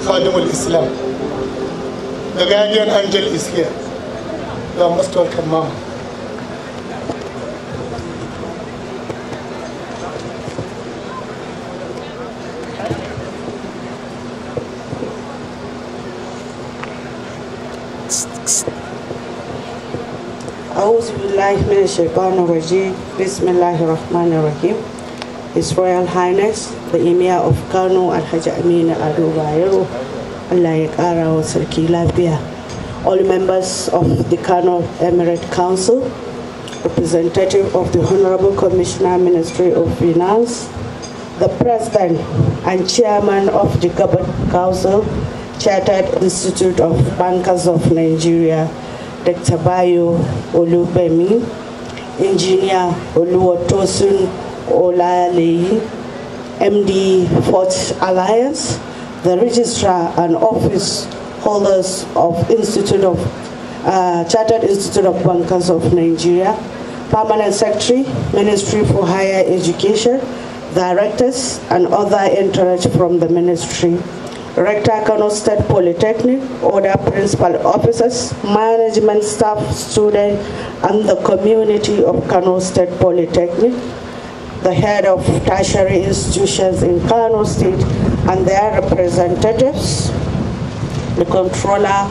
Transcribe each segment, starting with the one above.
Khadim al-Islam. The guardian angel is here. You most welcome, Mom. أعوذ بالله من الشيطان الرجيم بسم الله الرحمن الرحيم his Royal Highness, the Emir of Kano Alhaji Amin al Bayero, Allah ya ƙara wa All members of the Kano Emirate Council, representative of the Honorable Commissioner Ministry of Finance, the President and Chairman of the Government Council, Chartered Institute of Bankers of Nigeria, Dr. Bayo Olubemi, Engineer Oluwatosun Olaleyi, MD Fort Alliance, the Registrar and Office Holders of Institute of uh, Chartered Institute of Bankers of Nigeria, Permanent Secretary, Ministry for Higher Education, Directors and other entourage from the Ministry, Rector Kano State Polytechnic, other principal officers, management staff, students, and the community of Kano State Polytechnic, the head of tertiary institutions in Kano State and their representatives, the controller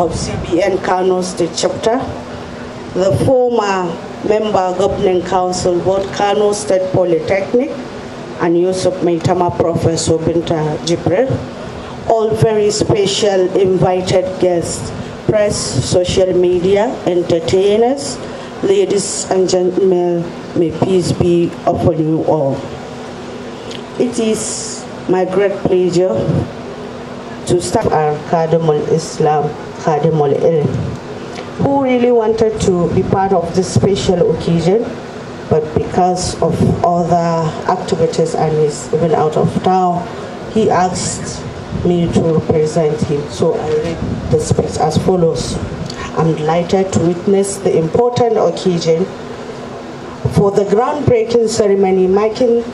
of CBN Kano State Chapter, the former member governing council both Kano State Polytechnic and Yusuf Maitama Professor Binta Jibril, all very special invited guests, press, social media, entertainers, Ladies and gentlemen, may peace be upon you all. It is my great pleasure to start our Khadimul Islam, Khadimul Ilm, who really wanted to be part of this special occasion, but because of other activities and is even out of town, he asked me to represent him. So I read the speech as follows. I'm delighted to witness the important occasion for the groundbreaking ceremony marking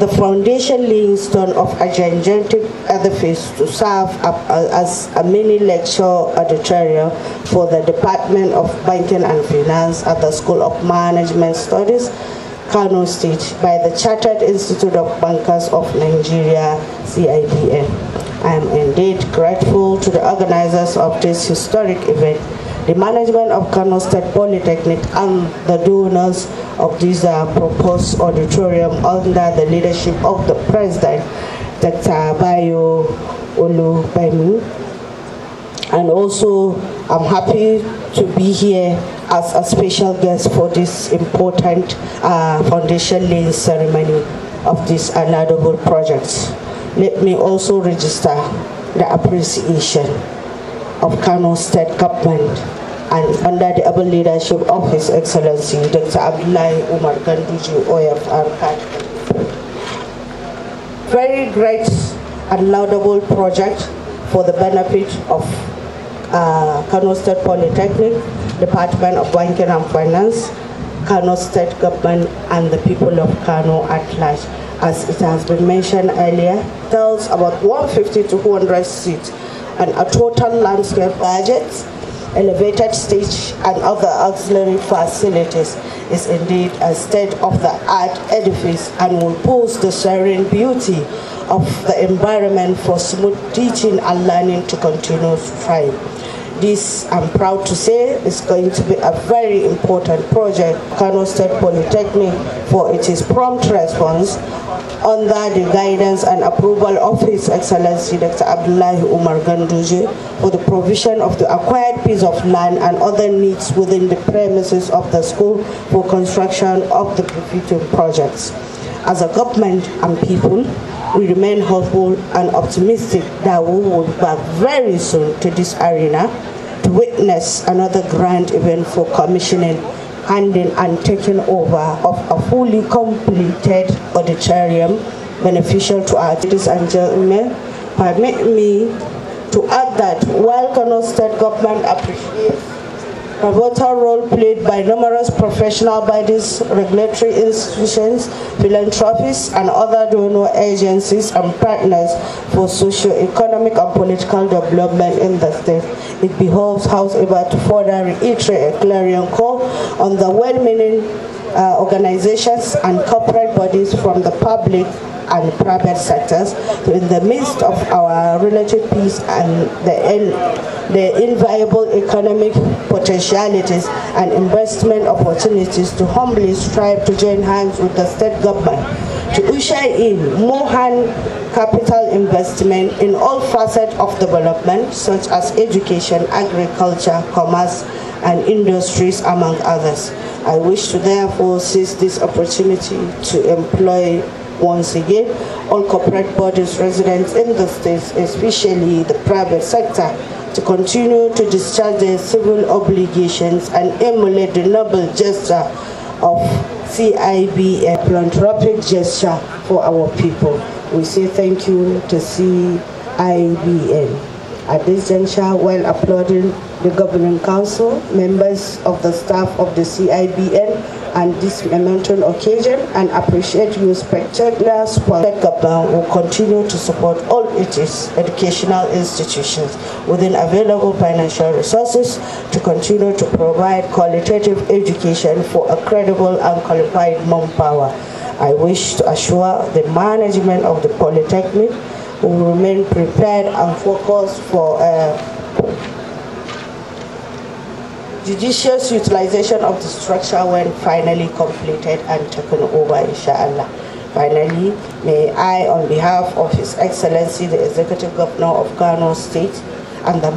the foundation laying stone of a gigantic edifice to serve as a mini lecture auditorium for the Department of Banking and Finance at the School of Management Studies, Kano State, by the Chartered Institute of Bankers of Nigeria, CIBN. I am indeed grateful to the organizers of this historic event the management of Kano State Polytechnic and the donors of this uh, proposed auditorium under the leadership of the President, Dr. Bayo Olubemi. And also, I'm happy to be here as a special guest for this important uh, foundation laying ceremony of this admirable project. Let me also register the appreciation of Kano State Government and under the able leadership of His Excellency Dr. Abdullahi Umar Ganduji OFR CAD. Very great and laudable project for the benefit of uh, Kano State Polytechnic, Department of Banking and Finance, Kano State Government and the people of Kano at large. As it has been mentioned earlier, tells about 150 to 200 seats and a total landscape budget elevated stage and other auxiliary facilities is indeed a state-of-the-art edifice and will boost the serene beauty of the environment for smooth teaching and learning to continue to thrive. This, I'm proud to say, is going to be a very important project, Kano State Polytechnic, for it is prompt response under the guidance and approval of His Excellency Dr. Abdullahi Umar Ganduje for the provision of the acquired piece of land and other needs within the premises of the school for construction of the computing projects. As a government and people, we remain hopeful and optimistic that we will be back very soon to this arena to witness another grand event for commissioning, handing and taking over of a fully completed auditorium beneficial to our ladies and gentlemen. Permit me to add that while Kano State Government appreciates a vital role played by numerous professional bodies, regulatory institutions, philanthropists, and other donor agencies and partners for socio-economic and political development in the state. It behoves, however, to further reiterate a clarion call on the well-meaning uh, organizations and corporate bodies from the public and private sectors. So in the midst of our relative peace and the, the inviable economic potentialities and investment opportunities to humbly strive to join hands with the state government to usher in more hand capital investment in all facets of development such as education, agriculture, commerce, and industries, among others. I wish to therefore seize this opportunity to employ once again, All corporate bodies, residents in the states, especially the private sector, to continue to discharge their civil obligations and emulate the noble gesture of CIB, a philanthropic gesture for our people. We say thank you to CIBN at this juncture while applauding the Governing Council, members of the staff of the CIBN and this momentous occasion and appreciate your spectacular support. Kaban will continue to support all its educational institutions within available financial resources to continue to provide qualitative education for a credible and qualified manpower. I wish to assure the management of the Polytechnic will remain prepared and focused for uh, judicious utilization of the structure when finally completed and taken over, inshallah. Finally, may I, on behalf of His Excellency, the Executive Governor of Kano State, and the,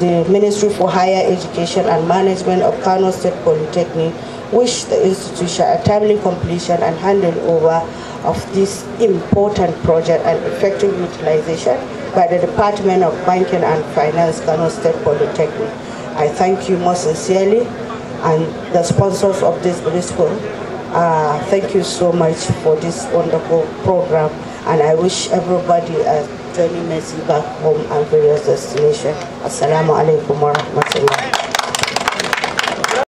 the Ministry for Higher Education and Management of Kano State Polytechnic, wish the institution a timely completion and handing over of this important project and effective utilization by the Department of Banking and Finance, Kano State Polytechnic. I thank you most sincerely and the sponsors of this school. Uh, thank you so much for this wonderful program and I wish everybody a journey messy back home and various destinations. Assalamu alaikum wa